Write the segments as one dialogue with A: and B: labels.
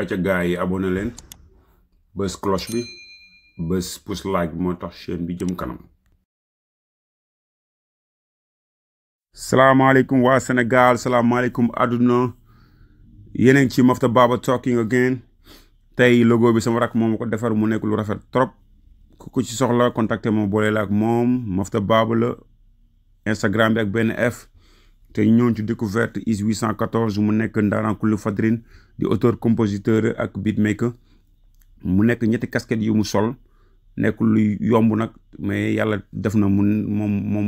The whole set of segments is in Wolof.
A: acca gars yi abonné leen bës cloche bi bës pouce like bi moo tax chaîne bi jëm kanam salaamaaleykum waa Sénégal salaamaaleykum àdduna yéen a ngi ci Mafta Baba talking again tey logo bi sama rakk moom ko defar mu nekk lu rafet trop ku ko ci soxla contacté ma boole la ak moom Mafta Baba la Instagram bi ak benn F tey ñëw ci découverte IS 814 mu nekk ndaarankulu fadrine di auteur compositeur ak beatmaker mu nekk ñetti casquette yu mu sol nekk lu yomb nag mais yàlla def na mu moom moom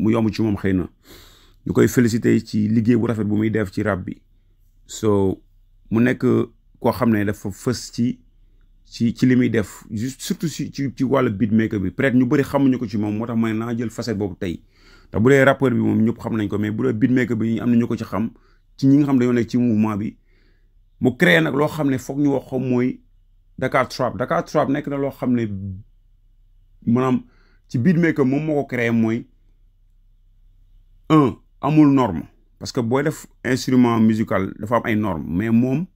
A: mu yomb ci moom xëy na ñu koy félicité ci liggéey bu rafet bu muy def ci rap bi so mu nekk koo xam ne dafa fës ci ci ci li muy def surtout ci ci wàllu beatmaker bi peut-être ñu bëri xamuñu ko ci moom moo tax ma ne naa jël facet boobu tey te bu dee rappeur bi moom ñëpp xam nañ ko mais bu dee beatmaker bi am na ñu ko ci xam ci ñi nga xam dañoo nekk ci mouvement bi mu créé nag loo xam ne foog ñu wax ko mooy Dakar Trap Dakar Trap nekk na loo xam ne maanaam ci beatmaker moom moo créé mooy un amul norme parce que booy def instrument musical dafa am ay norme mais moom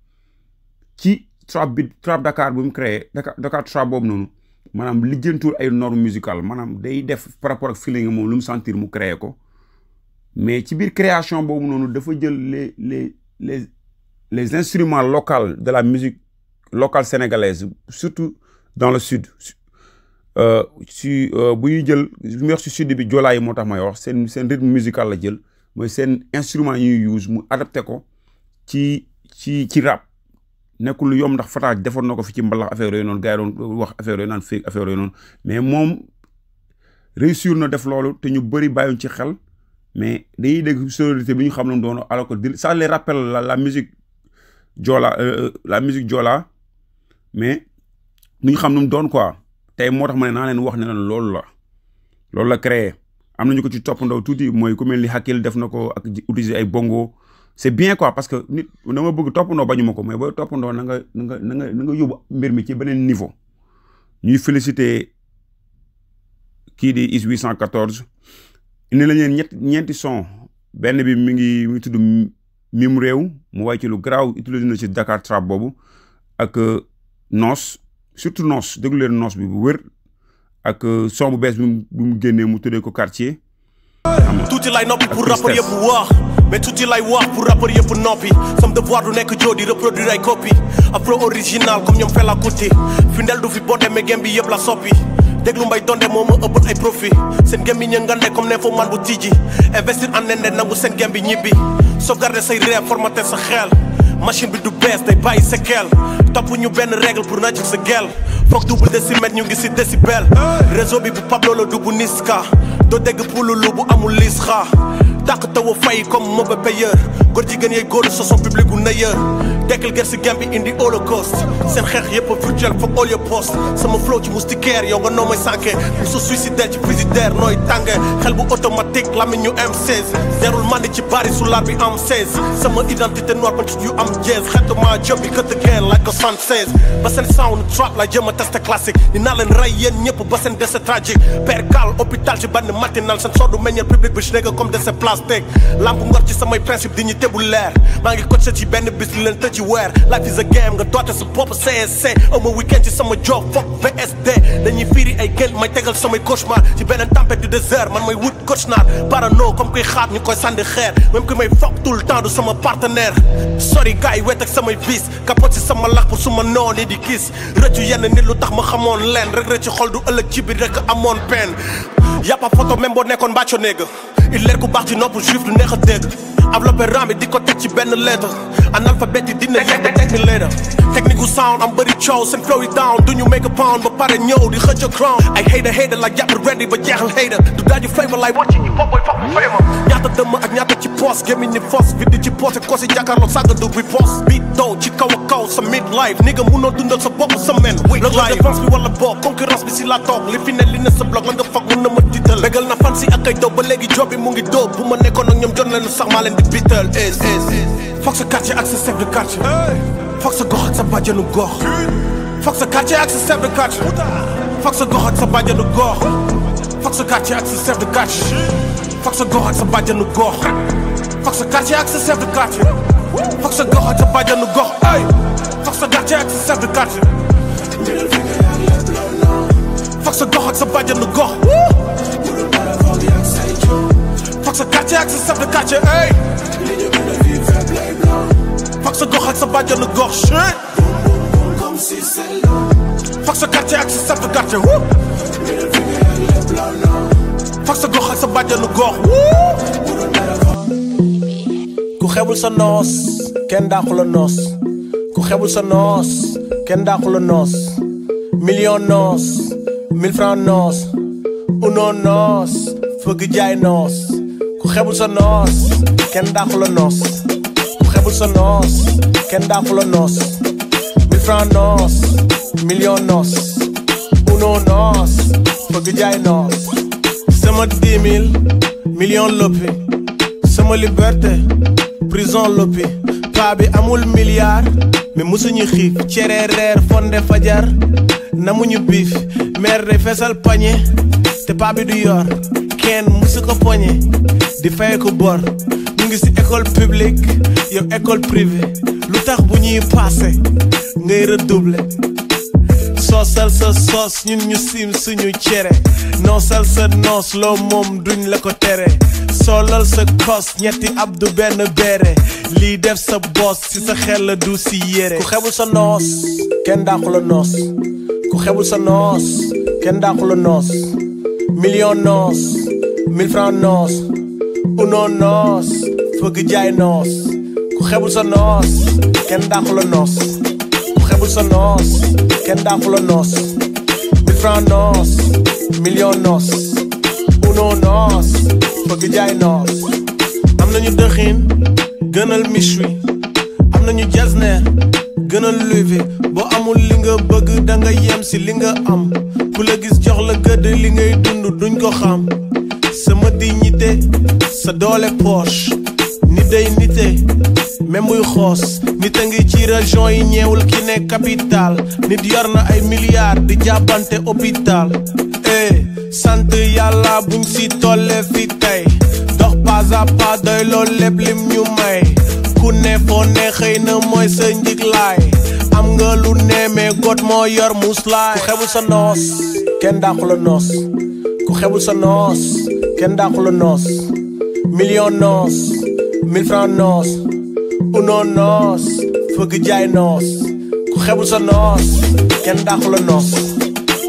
A: ci trap bi trap Dakar bu mu créé Dakar Dakar Trap boobu noonu maanaam lijjantul ay norme musicale maanaam day def par rapport ak feeling moom lu mu sentir mu créer ko mais ci biir création boobu noonu dafa jël le les les les instruments locaux de la musique local sénégalaise surtout dans le sud si euh, euh, bu ñuy jël bu ñuy wax si sud bi joolaa yi moo tax may wax seen seen rythme musical la jël mooy seen instrument yi ñuy use mu adapté ko ci ci ci rab nekkul lu yomb ndax Fataa defoon na ko fi ci mbalax affaire yooyu noonu gars yi doon wax affaire yooyu naan fii affaire yooyu noonu mais moom réussir na def loolu te ñu bëri bàyyuñ ci xel mais dañuy dégg sonorité bi ñu xam ne doon alors que ça les la la musique joola euh, euh, la musique joola mais ñu xam nu mu doon quoi tey moo tax ma ne naa leen wax ne loolu la loolu la créé am nañu ko ci toppandoo tuuti mooy ku mel ni Hakill def na ko ak utiliser ay bongo c'est bien quoi parce que nit na ma bëgg toppandoo bañu ma ko mais booy toppandoo na nga na nga na nga na nga yóbbu mbir mi ci beneen niveau ñuy félicité kii di IS 814 indi la ñeen ñett ñeenti son benn bi mi ngi mi réew mu way ci lu garaaw utilisé na ci Dakar trap boobu ak euh, noos surtout noos déglu leen noos bi bu wér ak euh, son bu bees bi mu génnee mu tuddee ko quartier
B: tuuti lay noppi pour rapport yëpp wax mais tuuti lay wax pour rappeur yëpp noppi sam devoir du nekk joo di reproduire ay copie afro original comme ñoom Fela Kuti fi du fi boote game bi yëpp la soppi déglu mbay donde moo ma ëppal ay profit seen gem bi ñëngande comme ne foo man bu tijji investir en nende nangu seen gem bi ñibbi sauvegarder say réew formater sa xel machine bi du bees day bàyyi séquelle topp ñu benn règle pour naaj sa gel foog double décimètre si décibel réseau bi bu Pablo la du Taqtawa fay comme mauvais payeur góor jigéen yey góoru soson public gu nayeur dekkal ger si Gambie indi holocauste seen xeex yëpp a virtuel foog all your sama flow ci moustiquaire yow nga noo may su suicidaire ci visitaire nooy tànge xel bu automatique lamiñ ñu M16 mandi ci bari su bi am sama identité noire pantit yu am jeez xeetu maa jëm bi gëtt geen like a Sanchez ba seen sound trap la jëm a test classique dinaa leen rey yéen ñëpp ba seen dese tragique père Karl hôpital te bu leer maa ngi coaché ci benn bis di leen tëj ci weer life is a game nga doote sa bopp CSC aw ma weekend ci sama job foog VSD dañuy fiiri ay gént may tegal samay cauchemar ci beneen tempête du désert man may wut coach naar parano comme koy xaat ñu koy sànni xeer même que may foog tu le temps du sama partenaire sori gars yi wet ak samay vis kapote si sama lax pour su ma noonee di gis rëccu yenn nit lu tax ma xamoon leen rek rëccu xol du ëllëg ci biir rek amoon peine yàppa photo même boo nekkoon mbàcco néega il baax ci nopp juif du neex enveloppe raam yi di ko teg ci benn lettre analphabète yi dina yegg technique technique sound am bëri coow seen flow yi down duñu make a pound para ñëw hurt your crown hate hater hater like but rendi I'm hater Do that your flavor like watching you fuck boy fuck flavor ñaata dëmm ak ñaata ci Give me the fos vidi ci poos ko si jàkkaarloo sàgg du bi poos bi daw ci kaw ak midlife. Nigga, mid life nigga munoo dundal sa bopp sa men Wait, nga défense bi wala We want bi si la We li fi The li ne sa blog la nga fag mun na ma tiital bégal na fan si ak ay daw ba léegi job bi mu ngi dóob bu ma nekkoon ak ñoom jot nañu sax maa leen di biital is is foog sa quartier ak sa chef de quartier I'm bad. ak sa bàjjanu fokk sa quartier ak sa chef de quartier fokk sa gox ak sa bàjjanu gox fokk sa quartier ak sa chef de quartier fokk sa gox ak sa bàjjanu gox fokk sa quartier ak sa chef de quartier fokk sa gox ak sa bàjjanu gox ay fokk sa quartier ak sa chef de quartier fokk sa gox ak sa bàjjanu gox fokk sa quartier ak sa chef de quartier ay fokk sa gox ak sa bàjjanu gox shit fak sa quartier ak sa sartu quartier wuu. fak sa gox ak sa bàjjanu gox wuu. ku xewul sa noos kenn daaxu la noos ku xewul sa noos kenn daaxu la noos million noos mille francs noos uno noos fëgg jaay noos ku xewul sa noos kenn daaxu noos ku xewul sa noos kenn daaxu noos. nos, millionos, nos, uno nos, fogijay nos. Sama 10 mille, million lopi. Sama liberté, prison lopi. Paa bi amul milliard, mais musuñu xiif. cere reer fonde fajar, namuñu biif. meer day feesal pañe, te paa bi du yor. kenn musu ko poñe, di fay ko bor. ñu ngi ci école publique, yow école privée. lu tax bu ñuy passé ngay redoubler soosal sa soos ñun ñu siim suñu cere noosal sa noos loo moom duñ la ko tere solal sa kos ñetti ab du benn beere lii def sa boos ci sa xel la du si yére ku xebul sa noos kenn daaxu la noos ku xebul sa noos kenn daaxu noos million noos mille francs noos unoon noos fëgg jaay noos xebul sa noos kenn la xebul sa noos kenn mille million uno nos, bëgg jaay noos am nañu dëxin gënal am nañu gënal amul li nga bëgg da nga yem si li nga am ku la gis jox la gëdd li ngay dund duñ ko xam dignité ni day nité même muy nit a ngi ci région yi ñeewul ki ne capital nit yor na ay milliards di jàppante hôpital eh sant yàlla buñ si tolle fi tey dox pas à pas doy loolu lépp ñu may ku ne foo ne na mooy sa njiglaay am nga lu neemee got moo yor muslaay ku xebul sa noos kenn dàqu noos ku xebul sa noos kenn dàqu noos million noos mille francs noos unoo noos fëgg jaay noos ku xebul sa noos kenn daaxu la noos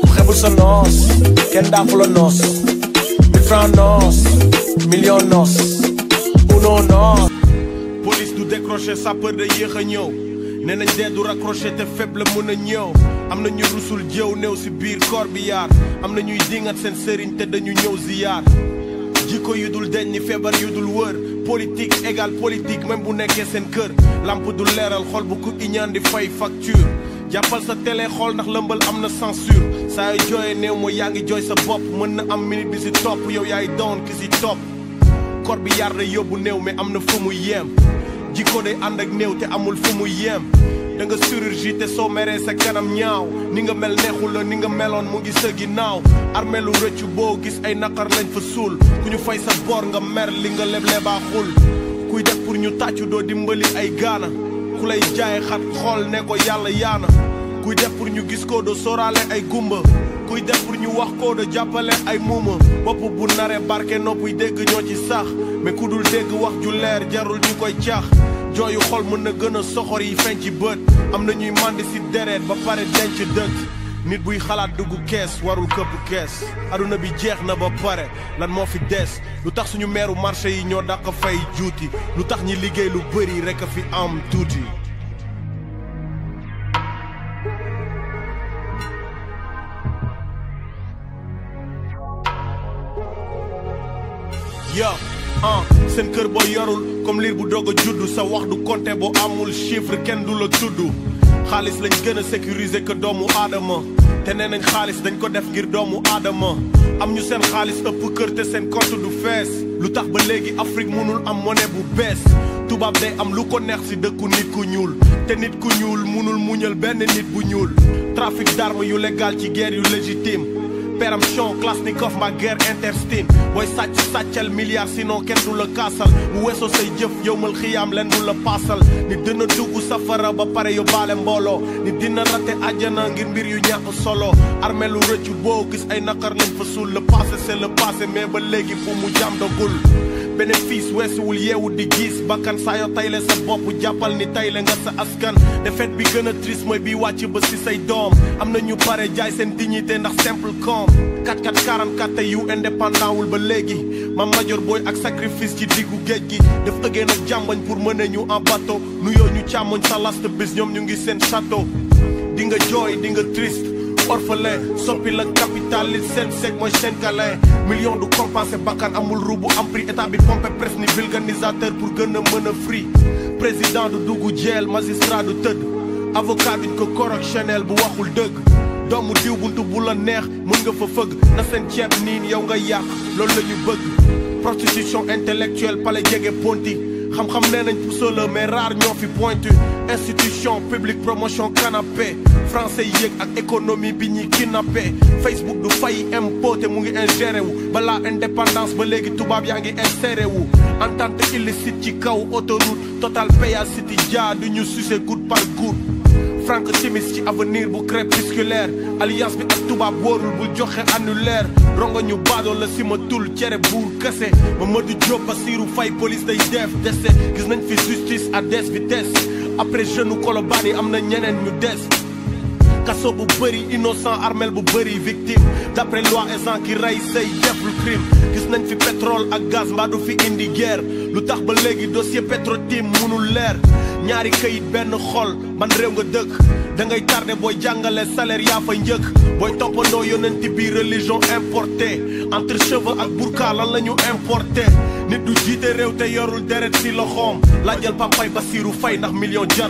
B: ku xebul sa noos kenn daaxu noos mille noos million noos unoo noos police du décroché sapeur da yéex a ñëw nañ dee du raccroché te faible mën a ñëw am na ñu rusul jëw néew si biir koor bi yaar am na ñuy dingat seen sëriñ te dañu ñëw ziyaar jikko yu dul deñ ni feebar yu dul wër politique égal politique même bu nekkee sen cœur lampe du leeral xol bu ku iñaan di fay facture jappal sa télé xol nak lëmbal amna censure sa yu new mo yaangi joy sa bop mën na am minute bi ci top yow yaay doon ki si topp kor bi yar na yobu new mais amna fumu yem jiko day te amul fumu yem Ninga nga chirurgie te kanam ñaaw Ninga nga mel neexul la ni nga meloon mu ngi sa ginnaaw armé lu rëccu gis ay naqar lañ fa suul fay sa bor nga mer li nga leble baaxul kuy def pour ñu dimbali ay jaay xat ne ko yàlla yaana kuy def pour ñu gis ko ay gumba kuy def pour ñu wax ko da jàppale ay muuma bopp bu nare barke noppuy dégg ñoo ci sax mais ku dul dégg wax ju leer jarul ñu koy caax jooyu xol mën na gën a soxor yi feeñ ci bët am na ñuy mànd si deret ba pare denc dëkk nit buy xalaat dugg kees warul këpp kees aduna bi jeex na ba pare lan moo fi des lu tax suñu meeru marché yi ñoo dàq fay juuti lu tax ñi liggéey lu bëri rek a fi am tuuti yow ah sen keur boo yorul comme lire bu dogo juddu sa wax du compter bo amul chiffre ken du la tuddu xaalis lañu gëna sécuriser que doomu adama té nee nañ xaalis dañ ko def ngir doomu adama am ñu sen xaalis ëpp keur te sen compte du fess lu ba légui Afrique mënul am monnaie bu bess tuba am lu ko neex ci dëkku nit ku ñuul té nit ku ñuul mënul muñal benn nit bu ñuul trafic d'armes yu légal ci guerre yu légitime peram chon klasnikof ma guerre interstine booy sàcc sàccal milliard sinon kenn du la kaasal mu weesoo say jëf yowmal xiyaam leen du la paasal ni dina dugg safara ba pare yóbbaale mbooloo ni dina rate àjjana ngir mbir yu ñàkk solo armée lu boo gis ay naqar lañ fa suul le passé c'est le passé ba léegi bu mu jaam dogul bénéfice weesu wul yeewu di gis bakkan saa yoo tayle sa bopp jàppal ni tayle nga sa askan defet bi gën trist, triste mooy bi wàcc ba si say doom am ñu pare jaay seen dignité ndax simple com 4444 te yu indépendant wul ba léegi ma major booy ak sacrifice ci diggu géej gi daf ëggee nag jàmbañ pour mëne ñu en bateau nuyoo ñu càmmoñ sa last bis ñoom ñu ngi seen château di nga joy di nga triste orphelin soppi capital, capitaliste seen seeg chaîne seen galin de compenser, pas qu'un amul roubou am prix état bi pompé presse ni vulganisateur pour que ne mën free président de Dougou Djel, magistrat de Tud, avocat du que correctionnel bu ou le dug. diw buntu bu la neex mën nga fa feug na sen ceeb nin, yow nga yàq de la ñu bëgg prostitution intellectuelle palais ponti xam-xam nee nañ pousse la mais rare ñoo fi pointu institution public promotion canapé français yéeg ak économie bi ñi kidnappé Facebook du fay impôt mu ngi ingéré wu la indépendance ba légui tubaab yaa ngi inséré wu entente illicite ci kaw autoroute total péage city dia du ñu sucé goutte par goutte frank chimiste ci avenir bu crêpe alliance bi ak tubaab worul bu joxe annulaire rongo ñu badol la si tul ciéré bour kese ma mëdu jóob Fay police day def dese gis nañ fi justice à des vitesses après je nous Colobane yi am kaso bu innocent armel bu bëri victime d'après loi instant ki rey say def lu crime gis nañ fi pétrole ak gaz ba du fi indi guerre lutax ba légui dossier Petro-Tim mënul leer ñaari këyit ben xol man rew nga dëkk da ngay tardé boy jangalé salaire ya fa ñëk boy topando yonenti bi religion importée entre cheveux ak burka lan lañu importé nit du jité rew té yorul deret si papay Basiru Fay ndax million jar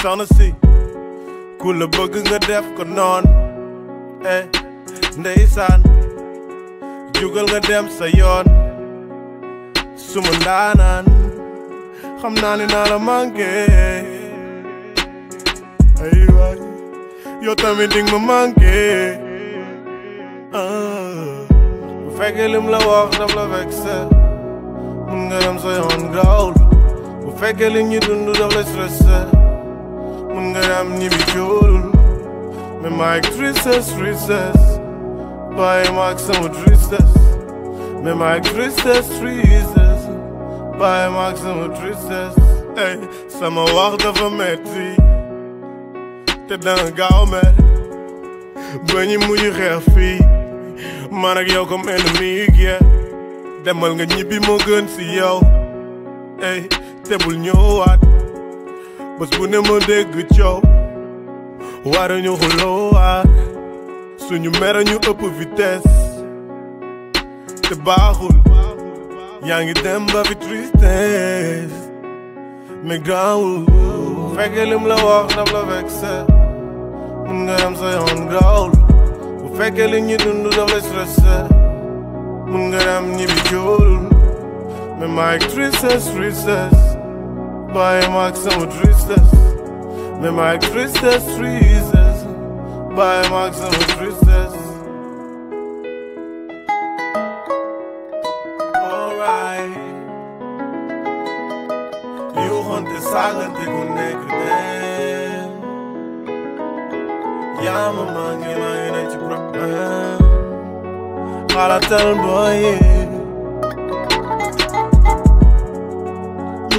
C: Shaughnessy Ku la bëgg nga def ko non. eh ndeysaan jugal nga dem sa yoon suma ndaanaan xam naa ni naa la manqué ay waay yow tamit ding ma manqué bu fekkee lim la wax daf la vexé mun nga dem sa yoon gaawul bu fekkee lim ñu dund daf la stressé Mun garam ni bir yorul Me mic tristes, tristes Pai maximo tristes Me mic tristes, tristes Pai maximo tristes Hey, sa ma wachten van met die Te dan gauw met Ben je moet je refie kom in yeah Demal nga ñibbi mo gën ci yow Hey, tebul ñëwaat Mă păi spune-mă de gâcio Oare ne o holoa Sunt meră-ne-o apă vites Te bahul Yang dem ba fi tristez Me graul. fekele m la oax, n-am la vexe Mângărăm să iau în gaul Fekele-ni dundu, n-am la strese Mângărăm ni biciorul Me mai tristez tristez Baie maak samo tristes Me maak tristes, tristes Baie maak samo tristes Alright You hunt the silent, they connect them Yeah, my man, you're not your problem I'll tell boy, yeah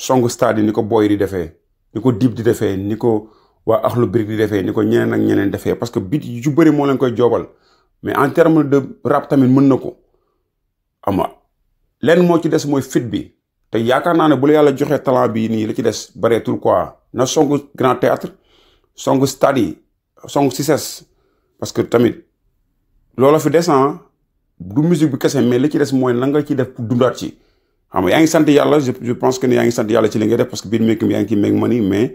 A: songu stade ni ko boy di defé ni ko dib di defé ni ko akhlu brik di defé ni ko ñeneen ak ñeneen defé parce que bit yu bari mo leen koy jobal mais en terme de rap tamit mën nako ko ama lenn mo ci dess moy fit bi te yaakaar naa ne bu la yàlla joxee talent bi nii la ci des bareetul quoi na song grand théâtre song stade yi song sises parce que tamit loola fi des ah du musique bi kese mais la ci des mooy la nga ci def pour dundaat ci xam nga yaa ngi sant yàlla je pense que ne yaa ngi sant ci li nga def parce que biir mékki mi yaa ngi ci meg mani mais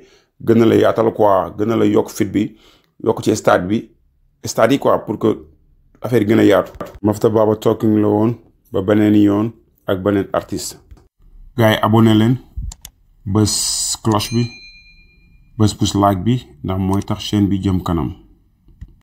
A: gën na la yaatal quoi gën na la yokk fit bi yokk ci stade bi stade yi quoi pour que affaire yi gën a yaatu. Mafta Baba Talking la woon ba beneen yoon ak beneen artiste. gars yi abonné leen bës cloche bi bës pouce like bi ndax mooy tax chaîne bi jëm kanam.